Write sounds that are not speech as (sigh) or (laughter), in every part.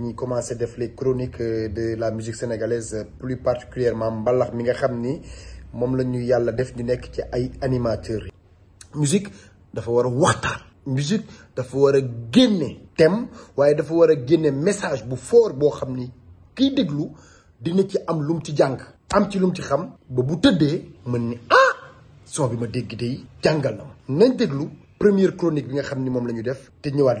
ni commencé faire les chroniques euh, de la musique sénégalaise euh, plus particulièrement mbalax mi nga la def ñu animateurs musique dafa wara musique dafa wara thème waye dafa wara message bu fort bo xamni ki déglu dina ci am ci jang am ci ci xam ba bu vous mën ni ah so bi ma dégg dé jangal na nañ première chronique bi nga def te ñëwaat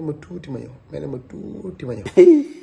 ne ma tuuti ma ñëw nga ne ma tuuti ma (laughs)